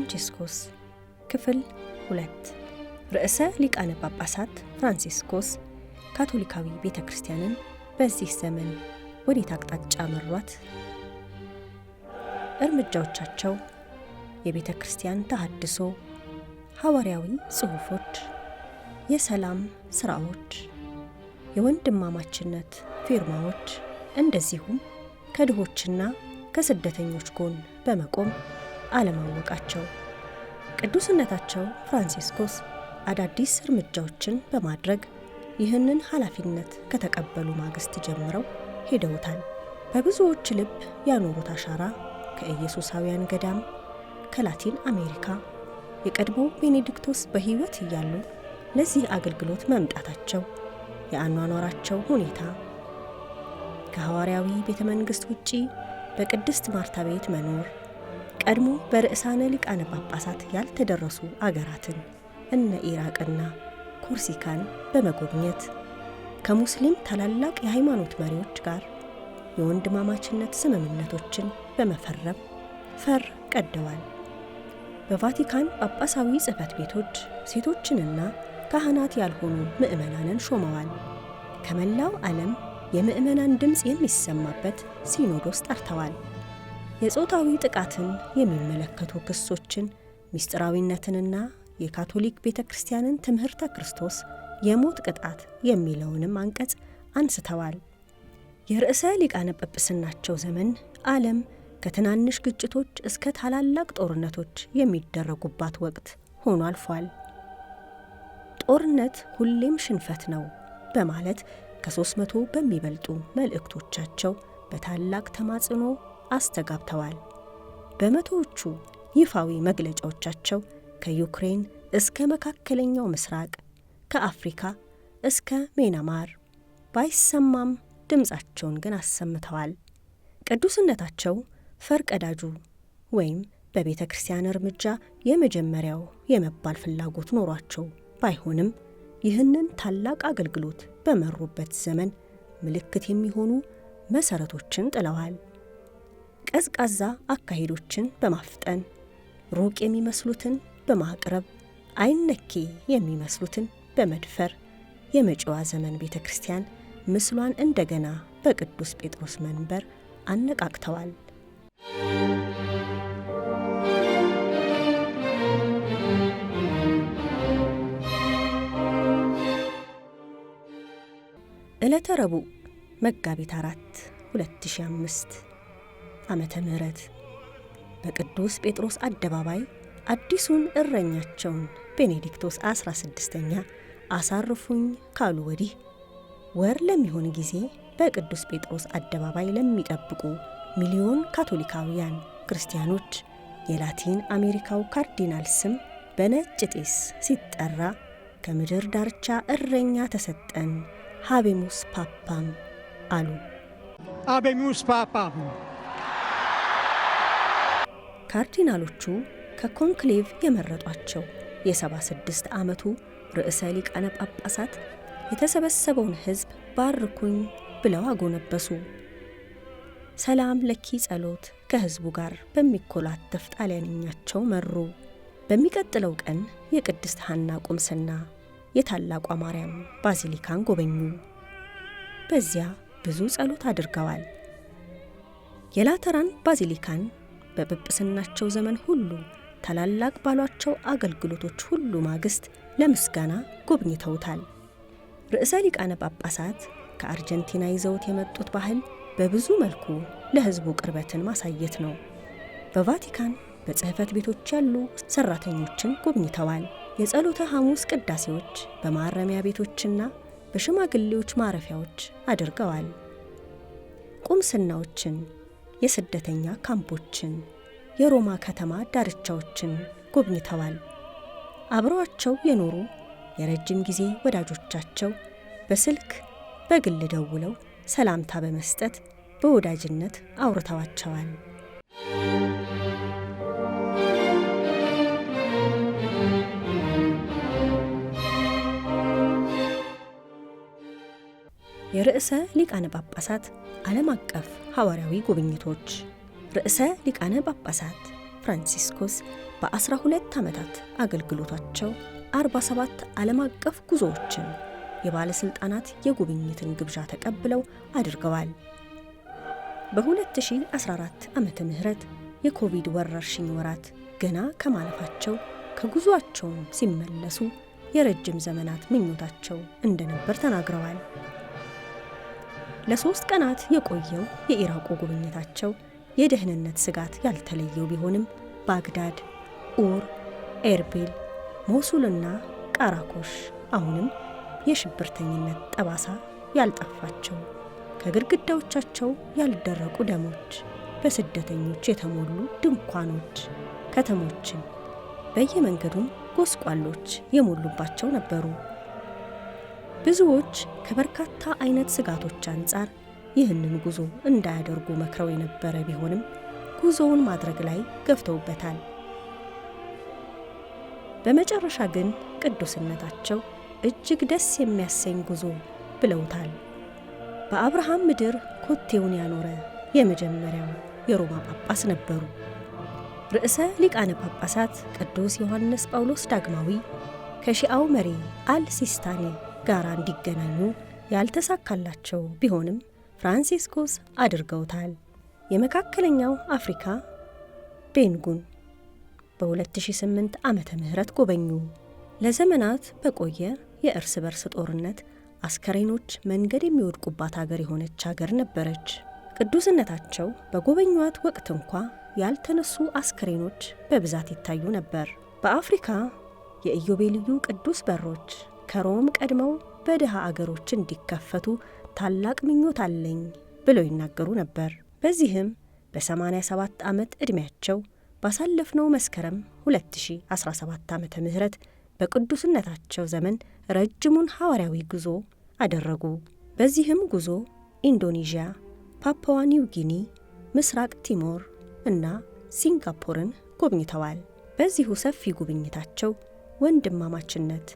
ፍራንቺስኮስ ክፍል ሁለት ርዕሰ ሊቃነ ጳጳሳት ፍራንቺስኮስ ካቶሊካዊ ቤተ ክርስቲያንን በዚህ ዘመን ወዴት አቅጣጫ መሯት? እርምጃዎቻቸው፣ የቤተ ክርስቲያን ተሃድሶ፣ ሐዋርያዊ ጽሑፎች፣ የሰላም ሥራዎች፣ የወንድማማችነት ፊርማዎች፣ እንደዚሁም ከድሆችና ከስደተኞች ጎን በመቆም አለማወቃቸው። ቅዱስነታቸው ፍራንሲስኮስ አዳዲስ እርምጃዎችን በማድረግ ይህንን ኃላፊነት ከተቀበሉ ማግስት ጀምረው ሄደውታል። በብዙዎች ልብ ያኖሩት አሻራ ከኢየሱሳውያን ገዳም፣ ከላቲን አሜሪካ የቀድሞ ቤኔዲክቶስ በሕይወት እያሉ ለዚህ አገልግሎት መምጣታቸው፣ የአኗኗራቸው ሁኔታ ከሐዋርያዊ ቤተ መንግሥት ውጪ በቅድስት ማርታ ቤት መኖር ቀድሞ በርዕሳነ ሊቃነ ጳጳሳት ያልተደረሱ አገራትን እነ ኢራቅና ኩርሲካን በመጎብኘት ከሙስሊም ታላላቅ የሃይማኖት መሪዎች ጋር የወንድማማችነት ስምምነቶችን በመፈረም ፈር ቀደዋል። በቫቲካን ጳጳሳዊ ጽሕፈት ቤቶች ሴቶችንና ካህናት ያልሆኑ ምዕመናንን ሾመዋል። ከመላው ዓለም የምዕመናን ድምፅ የሚሰማበት ሲኖዶስ ጠርተዋል። የጾታዊ ጥቃትን የሚመለከቱ ክሶችን ምስጢራዊነትንና የካቶሊክ ቤተ ክርስቲያንን ትምህርተ ክርስቶስ የሞት ቅጣት የሚለውንም አንቀጽ አንስተዋል። የርዕሰ ሊቃነ ጵጵስናቸው ዘመን ዓለም ከትናንሽ ግጭቶች እስከ ታላላቅ ጦርነቶች የሚደረጉባት ወቅት ሆኖ አልፏል። ጦርነት ሁሌም ሽንፈት ነው በማለት ከሦስት መቶ በሚበልጡ መልእክቶቻቸው በታላቅ ተማጽኖ አስተጋብተዋል። በመቶዎቹ ይፋዊ መግለጫዎቻቸው ከዩክሬን እስከ መካከለኛው ምስራቅ ከአፍሪካ እስከ ሜናማር ባይሰማም ድምፃቸውን ግን አሰምተዋል። ቅዱስነታቸው ፈርቀዳጁ ወይም በቤተ ክርስቲያን እርምጃ የመጀመሪያው የመባል ፍላጎት ኖሯቸው ባይሆንም ይህንን ታላቅ አገልግሎት በመሩበት ዘመን ምልክት የሚሆኑ መሰረቶችን ጥለዋል። ቀዝቃዛ አካሄዶችን በማፍጠን ሩቅ የሚመስሉትን በማቅረብ አይነኬ የሚመስሉትን በመድፈር የመጪዋ ዘመን ቤተ ክርስቲያን ምስሏን እንደገና በቅዱስ ጴጥሮስ መንበር አነቃቅተዋል። ዕለተ ረቡዕ መጋቢት አራት 2005 ዓመተ ምህረት በቅዱስ ጴጥሮስ አደባባይ አዲሱን እረኛቸውን ቤኔዲክቶስ 16ኛ አሳርፉኝ ካሉ ወዲህ ወር ለሚሆን ጊዜ በቅዱስ ጴጥሮስ አደባባይ ለሚጠብቁ ሚሊዮን ካቶሊካውያን ክርስቲያኖች የላቲን አሜሪካው ካርዲናል ስም በነጭ ጢስ ሲጠራ ከምድር ዳርቻ እረኛ ተሰጠን፣ ሀቤሙስ ፓፓም አሉ። ሀቤሙስ ፓፓም ካርዲናሎቹ ከኮንክሌቭ የመረጧቸው የ76 ዓመቱ ርዕሰ ሊቃነ ጳጳሳት የተሰበሰበውን ሕዝብ ባርኩኝ ብለው አጎነበሱ። ሰላም ለኪ ጸሎት ከሕዝቡ ጋር በሚኮላተፍ ጣሊያንኛቸው መሩ። በሚቀጥለው ቀን የቅድስት ሐና ቁምስና፣ የታላቋ ማርያም ባዚሊካን ጎበኙ። በዚያ ብዙ ጸሎት አድርገዋል። የላተራን ባዚሊካን በጵጵስናቸው ዘመን ሁሉ ታላላቅ ባሏቸው አገልግሎቶች ሁሉ ማግስት ለምስጋና ጎብኝተውታል። ርዕሰ ሊቃነ ጳጳሳት ከአርጀንቲና ይዘውት የመጡት ባህል በብዙ መልኩ ለሕዝቡ ቅርበትን ማሳየት ነው። በቫቲካን በጽሕፈት ቤቶች ያሉ ሠራተኞችን ጎብኝተዋል። የጸሎተ ሐሙስ ቅዳሴዎች በማረሚያ ቤቶችና በሽማግሌዎች ማረፊያዎች አድርገዋል። ቁምስናዎችን የስደተኛ ካምፖችን፣ የሮማ ከተማ ዳርቻዎችን ጎብኝተዋል። አብረዋቸው የኖሩ የረጅም ጊዜ ወዳጆቻቸው በስልክ በግል ደውለው ሰላምታ በመስጠት በወዳጅነት አውርተዋቸዋል። የርዕሰ ሊቃነ ጳጳሳት ዓለም አቀፍ ሐዋርያዊ ጉብኝቶች ርዕሰ ሊቃነ ጳጳሳት ፍራንሲስኮስ በ12 ዓመታት አገልግሎታቸው 47 ዓለም አቀፍ ጉዞዎችን የባለሥልጣናት የጉብኝትን ግብዣ ተቀብለው አድርገዋል። በ2014 ዓመተ ምህረት የኮቪድ ወረርሽኝ ወራት ገና ከማለፋቸው ከጉዞአቸውም ሲመለሱ የረጅም ዘመናት ምኞታቸው እንደነበር ተናግረዋል። ለሶስት ቀናት የቆየው የኢራቁ ጉብኝታቸው የደህንነት ስጋት ያልተለየው ቢሆንም ባግዳድ፣ ኡር፣ ኤርቢል፣ ሞሱልና ቃራኮሽ አሁንም የሽብርተኝነት ጠባሳ ያልጠፋቸው ከግድግዳዎቻቸው ያልደረቁ ደሞች፣ በስደተኞች የተሞሉ ድንኳኖች ከተሞችን በየመንገዱም ጎስቋሎች የሞሉባቸው ነበሩ። ብዙዎች ከበርካታ አይነት ስጋቶች አንጻር ይህንን ጉዞ እንዳያደርጉ መክረው የነበረ ቢሆንም ጉዞውን ማድረግ ላይ ገፍተውበታል። በመጨረሻ ግን ቅዱስነታቸው እጅግ ደስ የሚያሰኝ ጉዞ ብለውታል። በአብርሃም ምድር ኮቴውን ያኖረ የመጀመሪያው የሮማ ጳጳስ ነበሩ። ርዕሰ ሊቃነ ጳጳሳት ቅዱስ ዮሐንስ ጳውሎስ ዳግማዊ ከሺአው መሪ አልሲስታኔ ጋር እንዲገናኙ ያልተሳካላቸው ቢሆንም ፍራንሲስኮስ አድርገውታል። የመካከለኛው አፍሪካ ቤንጉን በ2008 ዓመተ ምህረት ጎበኙ። ለዘመናት በቆየ የእርስ በርስ ጦርነት አስከሬኖች መንገድ የሚወድቁባት አገር የሆነች አገር ነበረች። ቅዱስነታቸው በጎበኟት ወቅት እንኳ ያልተነሱ አስከሬኖች በብዛት ይታዩ ነበር። በአፍሪካ የኢዮቤልዩ ቅዱስ በሮች ከሮም ቀድመው በድሃ አገሮች እንዲከፈቱ ታላቅ ምኞት አለኝ ብለው ይናገሩ ነበር። በዚህም በ87 ዓመት ዕድሜያቸው ባሳለፍነው መስከረም 2017 ዓ ም በቅዱስነታቸው ዘመን ረጅሙን ሐዋርያዊ ጉዞ አደረጉ። በዚህም ጉዞ ኢንዶኔዥያ፣ ፓፑዋ ኒው ጊኒ፣ ምስራቅ ቲሞር እና ሲንጋፖርን ጎብኝተዋል። በዚሁ ሰፊ ጉብኝታቸው ወንድማማችነት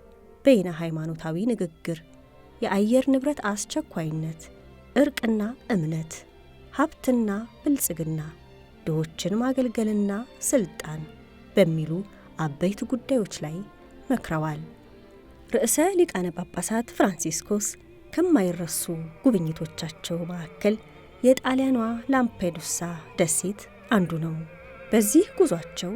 በይነ ሃይማኖታዊ ንግግር፣ የአየር ንብረት አስቸኳይነት፣ እርቅና እምነት፣ ሀብትና ብልጽግና፣ ድሆችን ማገልገልና ስልጣን በሚሉ አበይት ጉዳዮች ላይ መክረዋል። ርዕሰ ሊቃነ ጳጳሳት ፍራንሲስኮስ ከማይረሱ ጉብኝቶቻቸው መካከል የጣሊያኗ ላምፔዱሳ ደሴት አንዱ ነው። በዚህ ጉዟቸው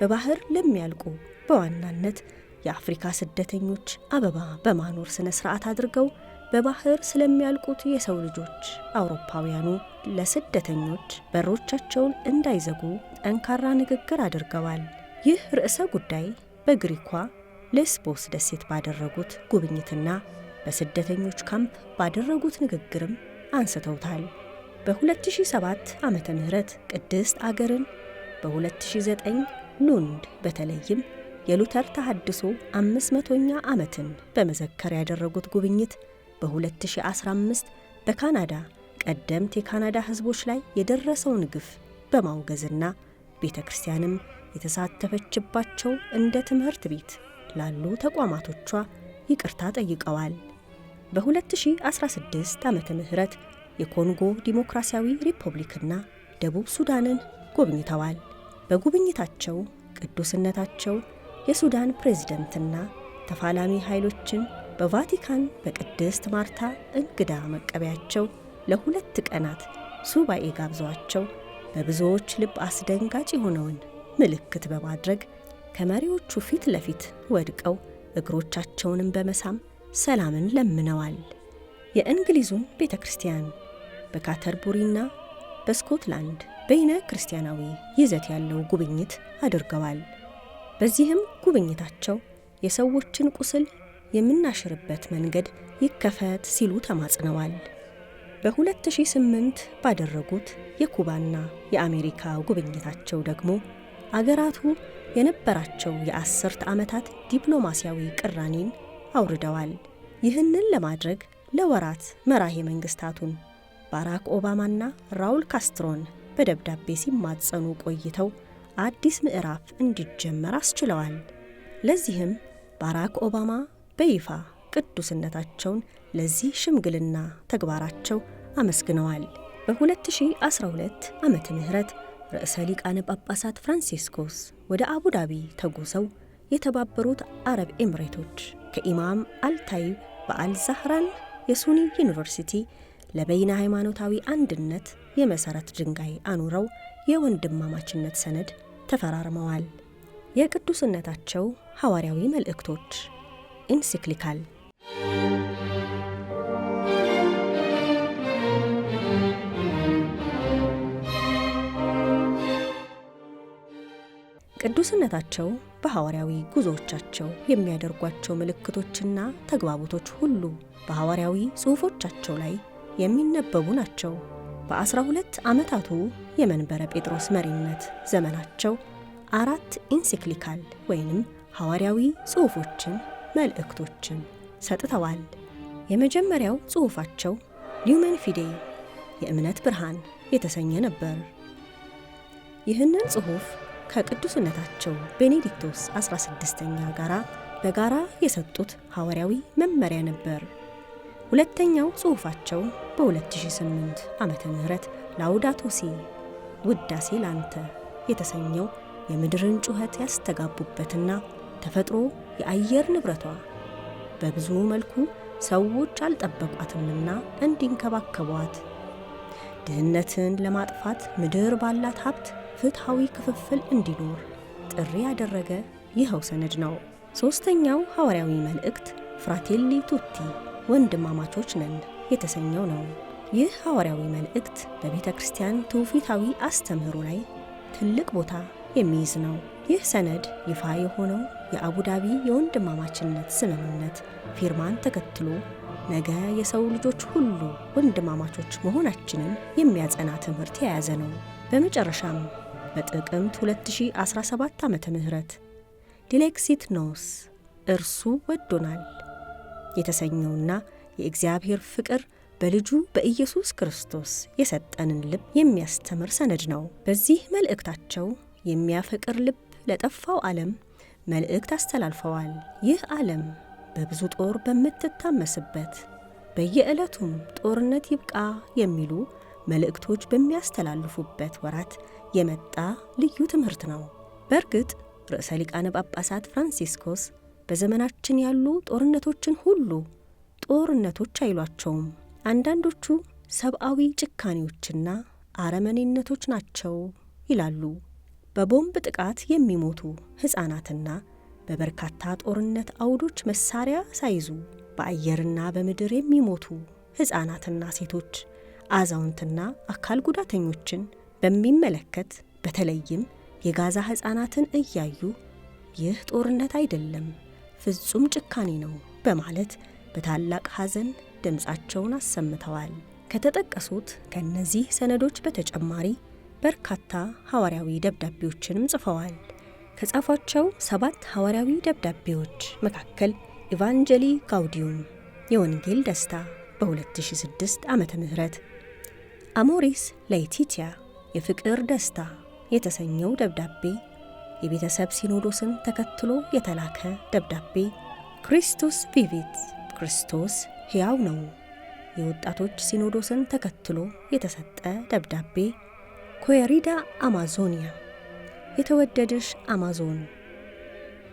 በባህር ለሚያልቁ በዋናነት የአፍሪካ ስደተኞች አበባ በማኖር ስነ ስርዓት አድርገው በባህር ስለሚያልቁት የሰው ልጆች አውሮፓውያኑ ለስደተኞች በሮቻቸውን እንዳይዘጉ ጠንካራ ንግግር አድርገዋል። ይህ ርዕሰ ጉዳይ በግሪኳ ሌስቦስ ደሴት ባደረጉት ጉብኝትና በስደተኞች ካምፕ ባደረጉት ንግግርም አንስተውታል። በ2007 ዓመተ ምህረት ቅድስት አገርን በ2009 ሉንድ በተለይም የሉተር ተሐድሶ 500ኛ ዓመትን በመዘከር ያደረጉት ጉብኝት በ2015 በካናዳ ቀደምት የካናዳ ሕዝቦች ላይ የደረሰውን ግፍ በማውገዝና ቤተ ክርስቲያንም የተሳተፈችባቸው እንደ ትምህርት ቤት ላሉ ተቋማቶቿ ይቅርታ ጠይቀዋል። በ2016 ዓመተ ምህረት የኮንጎ ዲሞክራሲያዊ ሪፐብሊክና ደቡብ ሱዳንን ጎብኝተዋል። በጉብኝታቸው ቅዱስነታቸው የሱዳን ፕሬዝደንትና ተፋላሚ ኃይሎችን በቫቲካን በቅድስት ማርታ እንግዳ መቀበያቸው ለሁለት ቀናት ሱባኤ ጋብዘዋቸው በብዙዎች ልብ አስደንጋጭ የሆነውን ምልክት በማድረግ ከመሪዎቹ ፊት ለፊት ወድቀው እግሮቻቸውንም በመሳም ሰላምን ለምነዋል። የእንግሊዙን ቤተ ክርስቲያን በካተርቡሪና በስኮትላንድ በይነ ክርስቲያናዊ ይዘት ያለው ጉብኝት አድርገዋል። በዚህም ጉብኝታቸው የሰዎችን ቁስል የምናሽርበት መንገድ ይከፈት ሲሉ ተማጽነዋል። በ2008 ባደረጉት የኩባና የአሜሪካ ጉብኝታቸው ደግሞ አገራቱ የነበራቸው የአስርት ዓመታት ዲፕሎማሲያዊ ቅራኔን አውርደዋል። ይህንን ለማድረግ ለወራት መራሄ መንግስታቱን ባራክ ኦባማና ራውል ካስትሮን በደብዳቤ ሲማጸኑ ቆይተው አዲስ ምዕራፍ እንዲጀመር አስችለዋል። ለዚህም ባራክ ኦባማ በይፋ ቅዱስነታቸውን ለዚህ ሽምግልና ተግባራቸው አመስግነዋል። በ2012 ዓመተ ምህረት ርዕሰ ሊቃነ ጳጳሳት ፍራንሲስኮስ ወደ አቡዳቢ ተጉዘው የተባበሩት አረብ ኤምሬቶች ከኢማም አልታይብ በአልዛህራን የሱኒ ዩኒቨርሲቲ ለበይነ ሃይማኖታዊ አንድነት የመሠረት ድንጋይ አኑረው የወንድማማችነት ሰነድ ተፈራርመዋል። የቅዱስነታቸው ሐዋርያዊ መልእክቶች ኢንሲክሊካል ቅዱስነታቸው በሐዋርያዊ ጉዞዎቻቸው የሚያደርጓቸው ምልክቶችና ተግባቦቶች ሁሉ በሐዋርያዊ ጽሑፎቻቸው ላይ የሚነበቡ ናቸው። በ ሁለት ዓመታቱ የመንበረ ጴጥሮስ መሪነት ዘመናቸው አራት ኢንሲክሊካል ወይንም ሐዋርያዊ ጽሑፎችን፣ መልእክቶችን ሰጥተዋል። የመጀመሪያው ጽሑፋቸው ሊዩመን ፊዴ የእምነት ብርሃን የተሰኘ ነበር። ይህንን ጽሑፍ ከቅዱስነታቸው ቤኔዲክቶስ 16ኛ ጋር በጋራ የሰጡት ሐዋርያዊ መመሪያ ነበር። ሁለተኛው ጽሑፋቸው በ2008 ዓመተ ምህረት ላውዳቶ ሲ ውዳሴ ላንተ የተሰኘው የምድርን ጩኸት ያስተጋቡበትና ተፈጥሮ የአየር ንብረቷ በብዙ መልኩ ሰዎች አልጠበቋትምና እንዲንከባከቧት ድህነትን ለማጥፋት ምድር ባላት ሀብት ፍትሐዊ ክፍፍል እንዲኖር ጥሪ ያደረገ ይኸው ሰነድ ነው። ሦስተኛው ሐዋርያዊ መልእክት ፍራቴሊ ቱቲ ወንድማማቾች ነን የተሰኘው ነው። ይህ ሐዋርያዊ መልእክት በቤተ ክርስቲያን ትውፊታዊ አስተምህሮ ላይ ትልቅ ቦታ የሚይዝ ነው። ይህ ሰነድ ይፋ የሆነው የአቡዳቢ የወንድማማችነት ስምምነት ፊርማን ተከትሎ ነገ የሰው ልጆች ሁሉ ወንድማማቾች መሆናችንን የሚያጸና ትምህርት የያዘ ነው። በመጨረሻም በጥቅምት 2017 ዓ ም ዲሌክሲት ኖስ እርሱ ወዶናል የተሰኘውና የእግዚአብሔር ፍቅር በልጁ በኢየሱስ ክርስቶስ የሰጠንን ልብ የሚያስተምር ሰነድ ነው። በዚህ መልእክታቸው የሚያፈቅር ልብ ለጠፋው ዓለም መልእክት አስተላልፈዋል። ይህ ዓለም በብዙ ጦር በምትታመስበት በየዕለቱም ጦርነት ይብቃ የሚሉ መልእክቶች በሚያስተላልፉበት ወራት የመጣ ልዩ ትምህርት ነው። በእርግጥ ርዕሰ ሊቃነ ጳጳሳት ፍራንሲስኮስ በዘመናችን ያሉ ጦርነቶችን ሁሉ ጦርነቶች አይሏቸውም። አንዳንዶቹ ሰብአዊ ጭካኔዎችና አረመኔነቶች ናቸው ይላሉ። በቦምብ ጥቃት የሚሞቱ ሕፃናትና በበርካታ ጦርነት አውዶች መሳሪያ ሳይዙ በአየርና በምድር የሚሞቱ ሕፃናትና ሴቶች፣ አዛውንትና አካል ጉዳተኞችን በሚመለከት በተለይም የጋዛ ሕፃናትን እያዩ ይህ ጦርነት አይደለም ፍጹም ጭካኔ ነው በማለት በታላቅ ሐዘን ድምፃቸውን አሰምተዋል። ከተጠቀሱት ከእነዚህ ሰነዶች በተጨማሪ በርካታ ሐዋርያዊ ደብዳቤዎችንም ጽፈዋል። ከጻፏቸው ሰባት ሐዋርያዊ ደብዳቤዎች መካከል ኢቫንጀሊ ጋውዲዩም የወንጌል ደስታ በ2006 ዓመተ ምህረት አሞሪስ ላይቲቲያ የፍቅር ደስታ የተሰኘው ደብዳቤ የቤተሰብ ሲኖዶስን ተከትሎ የተላከ ደብዳቤ ክርስቶስ ቪቪት ክርስቶስ ሕያው ነው። የወጣቶች ሲኖዶስን ተከትሎ የተሰጠ ደብዳቤ ኮየሪዳ አማዞኒያ የተወደድሽ አማዞን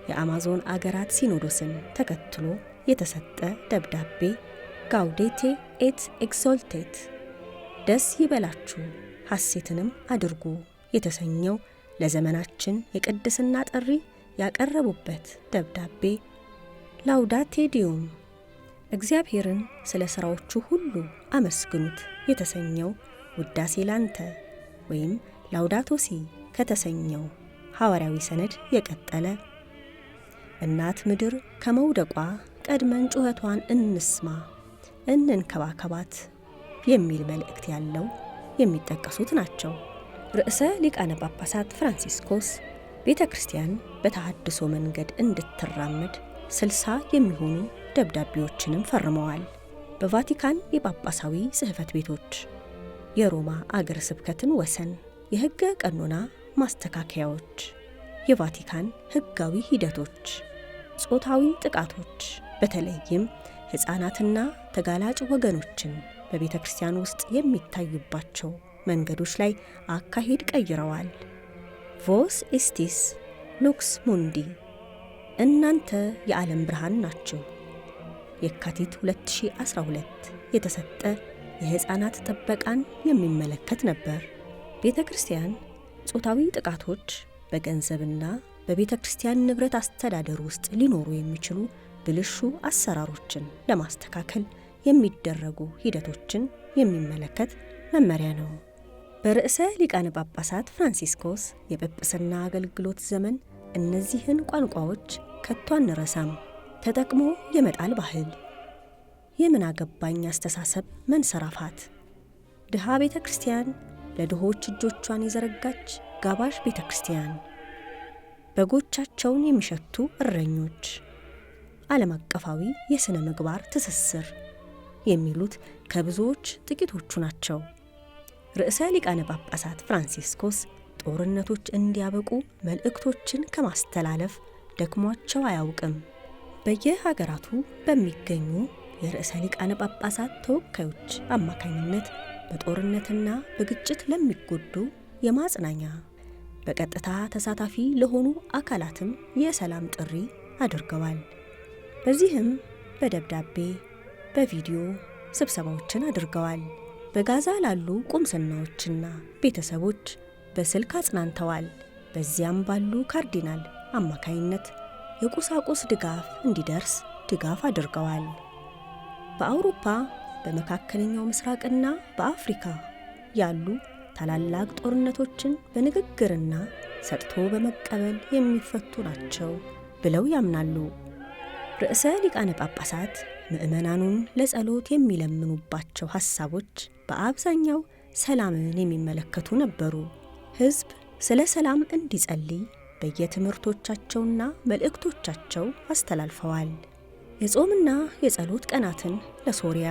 የአማዞን አገራት ሲኖዶስን ተከትሎ የተሰጠ ደብዳቤ ጋውዴቴ ኤት ኤግዞልቴት ደስ ይበላችሁ ሐሴትንም አድርጉ የተሰኘው ለዘመናችን የቅድስና ጥሪ ያቀረቡበት ደብዳቤ ላውዳቴ ዲዮም እግዚአብሔርን ስለ ሥራዎቹ ሁሉ አመስግኑት የተሰኘው ውዳሴ ላንተ ወይም ላውዳቶሲ ከተሰኘው ሐዋርያዊ ሰነድ የቀጠለ እናት ምድር ከመውደቋ ቀድመን ጩኸቷን እንስማ እንንከባከባት የሚል መልእክት ያለው የሚጠቀሱት ናቸው። ርዕሰ ሊቃነ ጳጳሳት ፍራንሲስኮስ ቤተ ክርስቲያን በተሃድሶ መንገድ እንድትራመድ ስልሳ የሚሆኑ ደብዳቤዎችንም ፈርመዋል። በቫቲካን የጳጳሳዊ ጽሕፈት ቤቶች የሮማ አገረ ስብከትን ወሰን፣ የሕገ ቀኖና ማስተካከያዎች፣ የቫቲካን ሕጋዊ ሂደቶች፣ ጾታዊ ጥቃቶች በተለይም ሕፃናትና ተጋላጭ ወገኖችን በቤተ ክርስቲያን ውስጥ የሚታዩባቸው መንገዶች ላይ አካሄድ ቀይረዋል። ቮስ ኢስቲስ ሉክስ ሙንዲ እናንተ የዓለም ብርሃን ናችሁ። የካቲት 2012 የተሰጠ የሕፃናት ጥበቃን የሚመለከት ነበር። ቤተ ክርስቲያን ጾታዊ ጥቃቶች በገንዘብና በቤተ ክርስቲያን ንብረት አስተዳደር ውስጥ ሊኖሩ የሚችሉ ብልሹ አሰራሮችን ለማስተካከል የሚደረጉ ሂደቶችን የሚመለከት መመሪያ ነው። በርዕሰ ሊቃነ ጳጳሳት ፍራንሲስኮስ የጵጵስና አገልግሎት ዘመን እነዚህን ቋንቋዎች ከቶ አንረሳም። ተጠቅሞ የመጣል ባህል፣ የምን አገባኝ አስተሳሰብ መንሰራፋት፣ ድሃ ቤተ ክርስቲያን ለድሆች እጆቿን የዘረጋች ጋባዥ ቤተ ክርስቲያን፣ በጎቻቸውን የሚሸቱ እረኞች፣ ዓለም አቀፋዊ የሥነ ምግባር ትስስር የሚሉት ከብዙዎች ጥቂቶቹ ናቸው። ርዕሰ ሊቃነ ጳጳሳት ፍራንሲስኮስ ጦርነቶች እንዲያበቁ መልእክቶችን ከማስተላለፍ ደክሟቸው አያውቅም። በየሀገራቱ በሚገኙ የርዕሰ ሊቃነ ጳጳሳት ተወካዮች አማካኝነት በጦርነትና በግጭት ለሚጎዱ የማጽናኛ በቀጥታ ተሳታፊ ለሆኑ አካላትም የሰላም ጥሪ አድርገዋል። በዚህም በደብዳቤ በቪዲዮ ስብሰባዎችን አድርገዋል። በጋዛ ላሉ ቁምስናዎችና ቤተሰቦች በስልክ አጽናንተዋል። በዚያም ባሉ ካርዲናል አማካይነት የቁሳቁስ ድጋፍ እንዲደርስ ድጋፍ አድርገዋል። በአውሮፓ በመካከለኛው ምስራቅና በአፍሪካ ያሉ ታላላቅ ጦርነቶችን በንግግርና ሰጥቶ በመቀበል የሚፈቱ ናቸው ብለው ያምናሉ ርዕሰ ሊቃነ ጳጳሳት ምዕመናኑም ለጸሎት የሚለምኑባቸው ሐሳቦች በአብዛኛው ሰላምን የሚመለከቱ ነበሩ። ሕዝብ ስለ ሰላም እንዲጸልይ በየትምህርቶቻቸውና መልእክቶቻቸው አስተላልፈዋል። የጾምና የጸሎት ቀናትን ለሶሪያ፣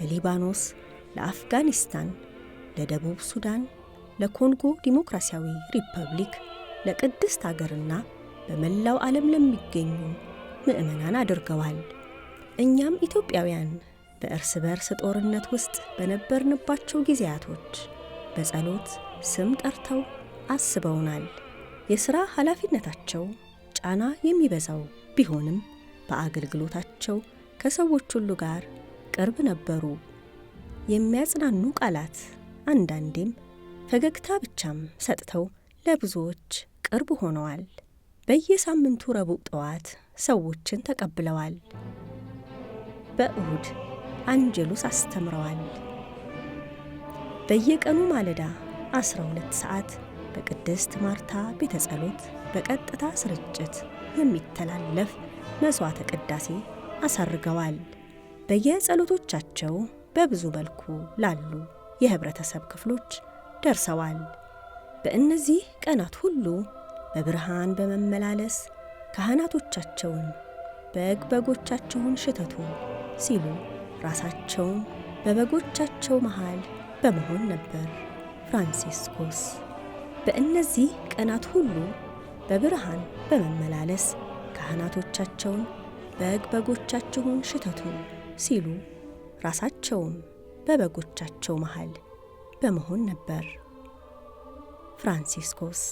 ለሊባኖስ፣ ለአፍጋኒስታን፣ ለደቡብ ሱዳን፣ ለኮንጎ ዲሞክራሲያዊ ሪፐብሊክ፣ ለቅድስት አገርና በመላው ዓለም ለሚገኙ ምዕመናን አድርገዋል። እኛም ኢትዮጵያውያን በእርስ በርስ ጦርነት ውስጥ በነበርንባቸው ጊዜያቶች በጸሎት ስም ጠርተው አስበውናል። የሥራ ኃላፊነታቸው ጫና የሚበዛው ቢሆንም በአገልግሎታቸው ከሰዎች ሁሉ ጋር ቅርብ ነበሩ። የሚያጽናኑ ቃላት አንዳንዴም ፈገግታ ብቻም ሰጥተው ለብዙዎች ቅርብ ሆነዋል። በየሳምንቱ ረቡዕ ጠዋት ሰዎችን ተቀብለዋል። በእሁድ አንጀሉስ አስተምረዋል። በየቀኑ ማለዳ 12 ሰዓት በቅድስት ማርታ ቤተ ጸሎት በቀጥታ ስርጭት የሚተላለፍ መስዋዕተ ቅዳሴ አሳርገዋል። በየጸሎቶቻቸው በብዙ መልኩ ላሉ የህብረተሰብ ክፍሎች ደርሰዋል። በእነዚህ ቀናት ሁሉ በብርሃን በመመላለስ ካህናቶቻቸውን በግ በጎቻቸውን ሽተቱ ሲሉ ራሳቸውን በበጎቻቸው መሃል በመሆን ነበር። ፍራንሲስኮስ በእነዚህ ቀናት ሁሉ በብርሃን በመመላለስ ካህናቶቻቸውን በግ በጎቻችሁን ሽተቱ ሲሉ ራሳቸውም በበጎቻቸው መሃል በመሆን ነበር። ፍራንሲስኮስ